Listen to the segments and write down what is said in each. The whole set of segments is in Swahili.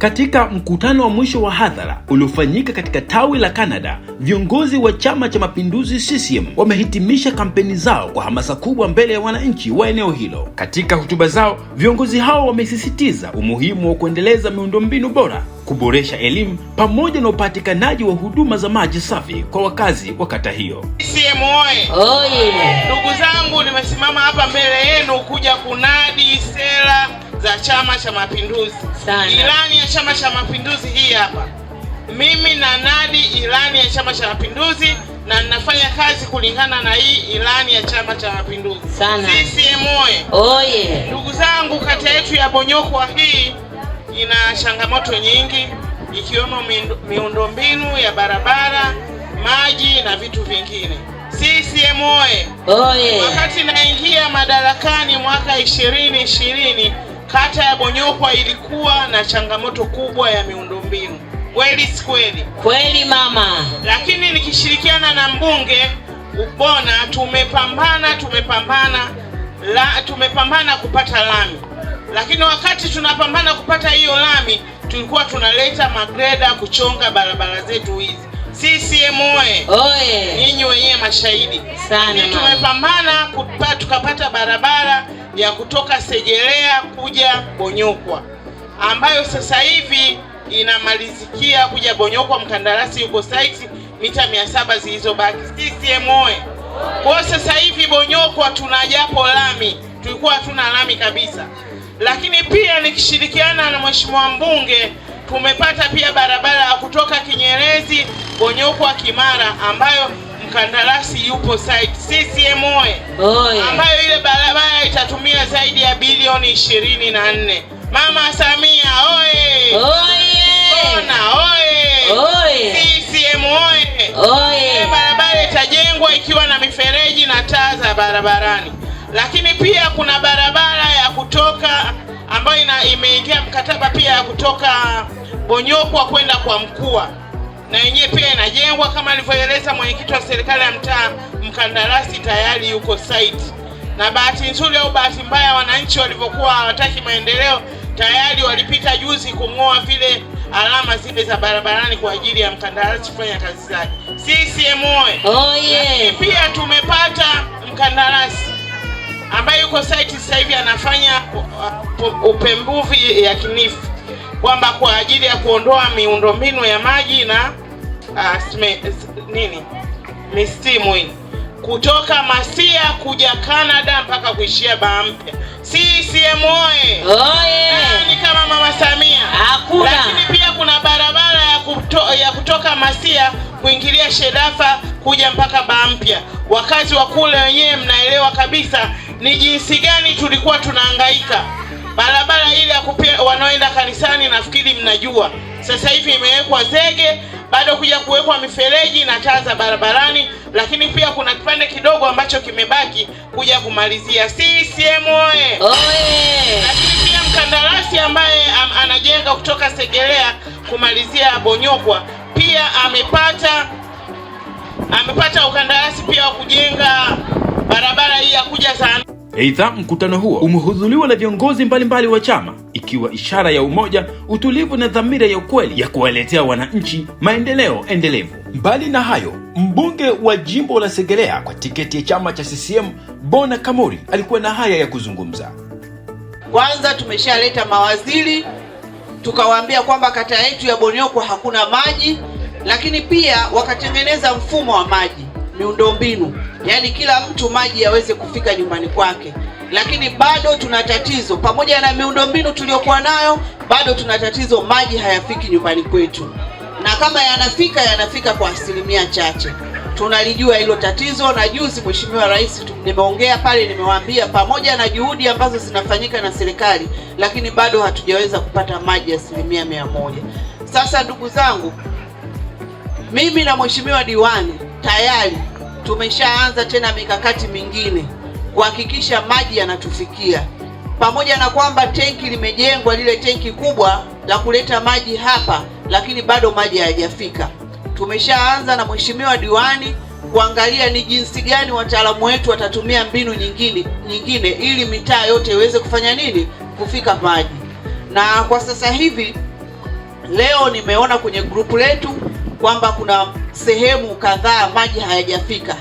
Katika mkutano wa mwisho wa hadhara uliofanyika katika tawi la Canada, viongozi wa Chama cha Mapinduzi CCM wamehitimisha kampeni zao kwa hamasa kubwa mbele ya wananchi wa eneo hilo. Katika hotuba zao, viongozi hao wamesisitiza umuhimu wa kuendeleza miundombinu bora, kuboresha elimu pamoja na upatikanaji wa huduma za maji safi kwa wakazi wa kata hiyo. CCM oye! Ndugu zangu, nimesimama hapa mbele yenu kuja kunadi sera za Chama cha Mapinduzi. Ilani ya Chama cha Mapinduzi hii hapa, mimi na nadi ilani ya Chama cha Mapinduzi na ninafanya kazi kulingana na hii ilani ya Chama cha Mapinduzi. CCM oye! Oh yeah. Ndugu zangu, kata yetu ya Bonyokwa hii ina changamoto nyingi ikiwemo miundombinu ya barabara, maji na vitu vingine. CCM oye! Oh yeah. Wakati naingia madarakani mwaka ishirini ishirini Kata ya Bonyokwa ilikuwa na changamoto kubwa ya miundombinu, kweli si kweli? Kweli mama. Lakini nikishirikiana na mbunge Ubona tumepambana, tumepambana la, tumepambana kupata lami, lakini wakati tunapambana kupata hiyo lami tulikuwa tunaleta magreda kuchonga barabara zetu hizi. CCM oye! Oye! Ninyi wenyewe mashahidi sana, tumepambana tukapata barabara ya kutoka Segerea kuja Bonyokwa ambayo sasa hivi inamalizikia kuja Bonyokwa, mkandarasi yuko site mita mia saba zilizobaki. CCM oye! Kwa sasa hivi Bonyokwa tuna japo lami, tulikuwa hatuna lami kabisa, lakini pia nikishirikiana na mheshimiwa mbunge tumepata pia barabara ya kutoka Kinyerezi Bonyokwa Kimara ambayo mkandarasi yupo site CCM oye, ambayo ile barabara itatumia zaidi ya bilioni ishirini na nne. Mama Samia oye, ona oye, CCM oye. Barabara itajengwa ikiwa na mifereji na taa za barabarani, lakini pia kuna barabara ya kutoka ambayo imeingia mkataba pia ya kutoka Bonyokwa kwenda kwa Mkua na yenyewe pia inajengwa kama alivyoeleza mwenyekiti wa serikali ya mtaa, mkandarasi tayari yuko site, na bahati nzuri au bahati mbaya, wananchi walivyokuwa hawataki maendeleo tayari walipita juzi kung'oa vile alama zile za barabarani kwa ajili ya mkandarasi kufanya kazi zake. CCM oyee! Oh, yeah. Pia tumepata mkandarasi ambaye yuko site sasa hivi anafanya uh, uh, upembuzi yakinifu kwamba kwa ajili ya kuondoa miundombinu ya maji na uh, ah, sme, nini misimu hii kutoka Masia kuja Canada mpaka kuishia Bampia. CCM oye! Ni kama mama Samia hakuna. Lakini pia kuna barabara ya, kuto, ya kutoka Masia kuingilia Shedafa kuja mpaka mpya Wakazi wa kule wenyewe mnaelewa kabisa ni jinsi gani tulikuwa tunahangaika. Barabara ile ya wanaoenda kanisani nafikiri mnajua, sasa hivi imewekwa zege bado kuja kuwekwa mifereji na taa za barabarani, lakini pia kuna kipande kidogo ambacho kimebaki kuja kumalizia. CCM oye! Lakini pia mkandarasi ambaye am, anajenga kutoka Segerea kumalizia Bonyokwa pia amepata amepata ukandarasi pia wa kujenga barabara hii ya kuja sana. Aidha, mkutano huo umehudhuriwa na viongozi mbalimbali wa chama ukiwa ishara ya umoja, utulivu na dhamira ya ukweli ya kuwaletea wananchi maendeleo endelevu. Mbali na hayo, mbunge wa jimbo la Segerea kwa tiketi ya chama cha CCM Bona Kamuri alikuwa na haya ya kuzungumza. Kwanza tumeshaleta mawaziri tukawaambia kwamba kata yetu ya Bonyokwa hakuna maji, lakini pia wakatengeneza mfumo wa maji miundombinu yaani kila mtu maji yaweze kufika nyumbani kwake, lakini bado tuna tatizo. Pamoja na miundombinu tuliyokuwa nayo, bado tuna tatizo, maji hayafiki nyumbani kwetu, na kama yanafika, yanafika kwa asilimia chache. Tunalijua hilo tatizo, na juzi Mheshimiwa Rais nimeongea pale, nimewaambia pamoja na juhudi ambazo zinafanyika na serikali, lakini bado hatujaweza kupata maji asilimia mia moja. Sasa ndugu zangu, mimi na Mheshimiwa diwani tayari tumeshaanza tena mikakati mingine kuhakikisha maji yanatufikia, pamoja na kwamba tenki limejengwa lile tenki kubwa la kuleta maji hapa, lakini bado maji hayajafika. Tumeshaanza na mheshimiwa diwani kuangalia ni jinsi gani wataalamu wetu watatumia mbinu nyingine nyingine ili mitaa yote iweze kufanya nini, kufika maji. Na kwa sasa hivi leo nimeona kwenye grupu letu kwamba kuna sehemu kadhaa maji hayajafika,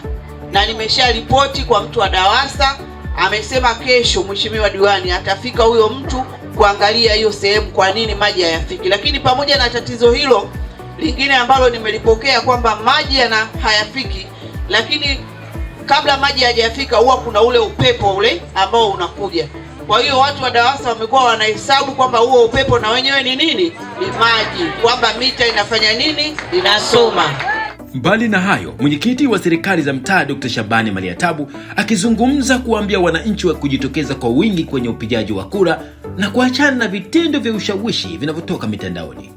na nimesha ripoti kwa mtu wa DAWASA. Amesema kesho mheshimiwa diwani atafika huyo mtu kuangalia hiyo sehemu, kwa nini maji hayafiki. Lakini pamoja na tatizo hilo lingine ambalo nimelipokea kwamba maji yana hayafiki, lakini kabla maji hayajafika huwa kuna ule upepo ule ambao unakuja. Kwa hiyo watu wa DAWASA wamekuwa wanahesabu kwamba huo upepo na wenyewe ni nini, ni maji, kwamba mita inafanya nini, inasoma. Mbali na hayo, mwenyekiti wa serikali za mtaa Dr. Shabani Maliatabu akizungumza kuwaambia wananchi wa kujitokeza kwa wingi kwenye upigaji wa kura na kuachana na vitendo vya ushawishi vinavyotoka mitandaoni.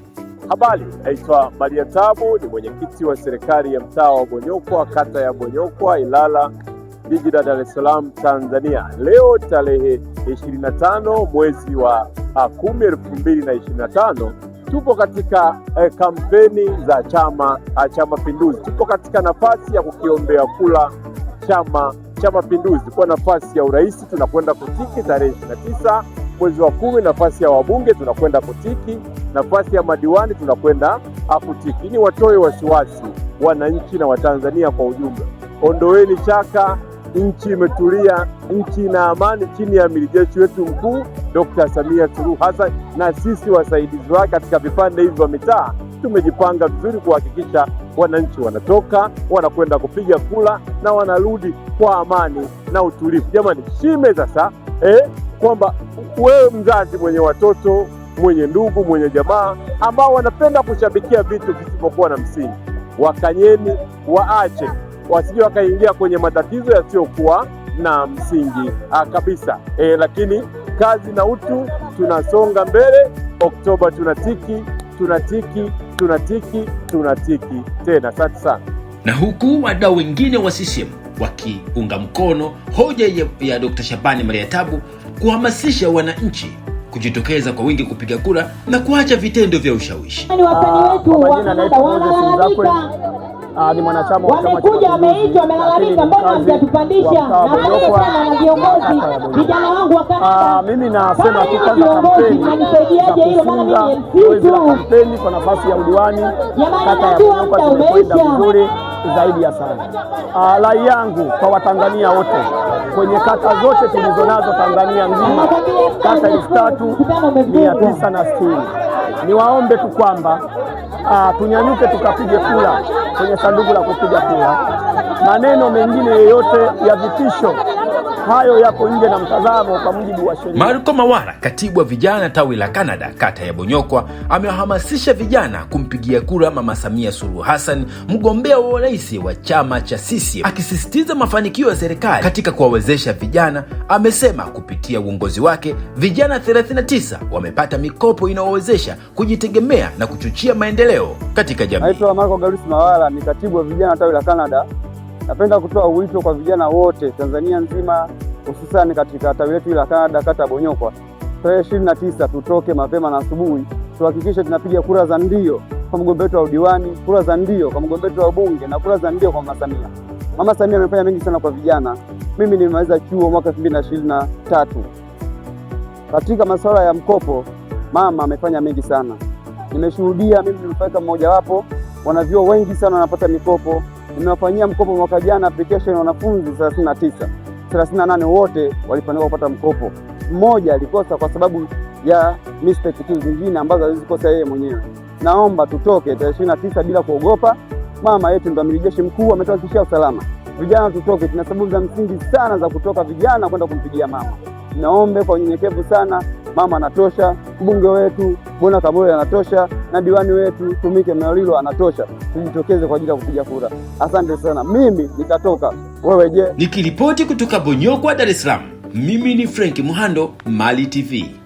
Habari, naitwa Maliatabu, ni mwenyekiti wa serikali ya mtaa wa Bonyokwa, kata ya Bonyokwa, Ilala, jiji la Dar es Salaam, Tanzania. Leo tarehe 25 mwezi wa 10 ah, 2025 tupo katika eh, kampeni za Chama eh, cha Mapinduzi, tupo katika nafasi ya kukiombea kula Chama cha Mapinduzi kwa nafasi ya urais. Tunakwenda kutiki tarehe 29 mwezi wa kumi. Nafasi ya wabunge tunakwenda kutiki, nafasi ya madiwani tunakwenda ah, kutiki. Ni watoe wasiwasi wananchi na Watanzania kwa ujumla, ondoweni shaka. Nchi imetulia, nchi ina amani chini ya milijeshi wetu mkuu Dr. Samia Suluhu Hassan na sisi wasaidizi wake katika vipande hivi vya mitaa tumejipanga vizuri kuhakikisha wananchi wanatoka wanakwenda kupiga kura na wanarudi kwa amani na utulivu. Jamani, shime sasa eh, kwamba wewe mzazi mwenye watoto mwenye ndugu mwenye jamaa ambao wanapenda kushabikia vitu visivyokuwa na msingi, wakanyeni waache, wasije wakaingia kwenye matatizo yasiyokuwa na msingi ah, kabisa eh, lakini kazi na utu, tunasonga mbele. Oktoba tunatiki, tunatiki, tunatiki, tunatiki tena. Asante sana. Na huku wadau wengine wa CCM wakiunga mkono hoja ya, ya Dkt. Shabani Mariatabu kuhamasisha wananchi kujitokeza kwa wingi kupiga kura na kuacha vitendo vya ushawishi. Ah, ni mwanachama wa chama cha wamekuja, wameitwa, wamelalamika, mbona hamjatupandisha? Nafurahi sana na viongozi, vijana wangu wa kata. Ah, mimi nasema tu kwanza, kampeni mnanisaidiaje hilo? Maana mimi MC tu kampeni kwa nafasi ya udiwani kata ya Bunyokwa zimekwenda vizuri zaidi ya sana. Ah, rai yangu kwa Watanzania wote kwenye kata zote tulizonazo Tanzania nzima, kata elfu tatu mia tisa na sitini niwaombe tu kwamba tunyanyuke tukapige kura kwenye sanduku la kupiga kura. Maneno mengine yeyote ya vitisho hayo yako nje na mtazamo kwa mujibu wa sheria. Marco Mawara, katibu wa vijana tawi la Canada kata ya Bonyokwa, amewahamasisha vijana kumpigia kura Mama Samia Suluhu Hassan, mgombea wa urais wa chama cha CCM, akisisitiza mafanikio ya serikali katika kuwawezesha vijana. Amesema kupitia uongozi wake vijana 39 wamepata mikopo inayowezesha kujitegemea na kuchochea maendeleo katika jamii. Naitwa Marco Galusi Mawara, ni katibu wa vijana tawi la Canada Napenda kutoa wito kwa vijana wote Tanzania nzima, hususani katika tawi letu la Kanada, kata Bonyokwa. Tarehe 29 tutoke mapema na asubuhi, tuhakikishe tunapiga kura za ndio kwa mgombea wetu wa udiwani, kura za ndio kwa mgombea wetu wa bunge na kura za ndio kwa Mama Samia. Mama Samia amefanya mengi sana kwa vijana. Mimi nimemaliza chuo mwaka 2023. Katika masuala ya mkopo, mama amefanya mengi sana. Nimeshuhudia mimi, nimefaika wapo, wanavyuo wengi sana wanapata mikopo Nimewafanyia mkopo mwaka jana application wanafunzi 39 38, wote walifanikiwa kupata mkopo. Mmoja alikosa kwa sababu ya mistake tu zingine ambazo alizikosa yeye mwenyewe. Naomba tutoke tarehe 29 bila kuogopa. Mama yetu ndo amiri jeshi mkuu ametuhakikishia usalama. Vijana tutoke, tuna sababu za msingi sana za kutoka vijana kwenda kumpigia mama. Naombe kwa unyenyekevu sana mama anatosha, mbunge wetu Bona Kabole anatosha, na diwani wetu Tumike Mnalilo anatosha. Tujitokeze kwa ajili ya kupiga kura. Asante sana, mimi nitatoka, wewe je? Nikiripoti kutoka Bonyokwa, Dar es Salaam, mimi ni Frank Muhando, Mali TV.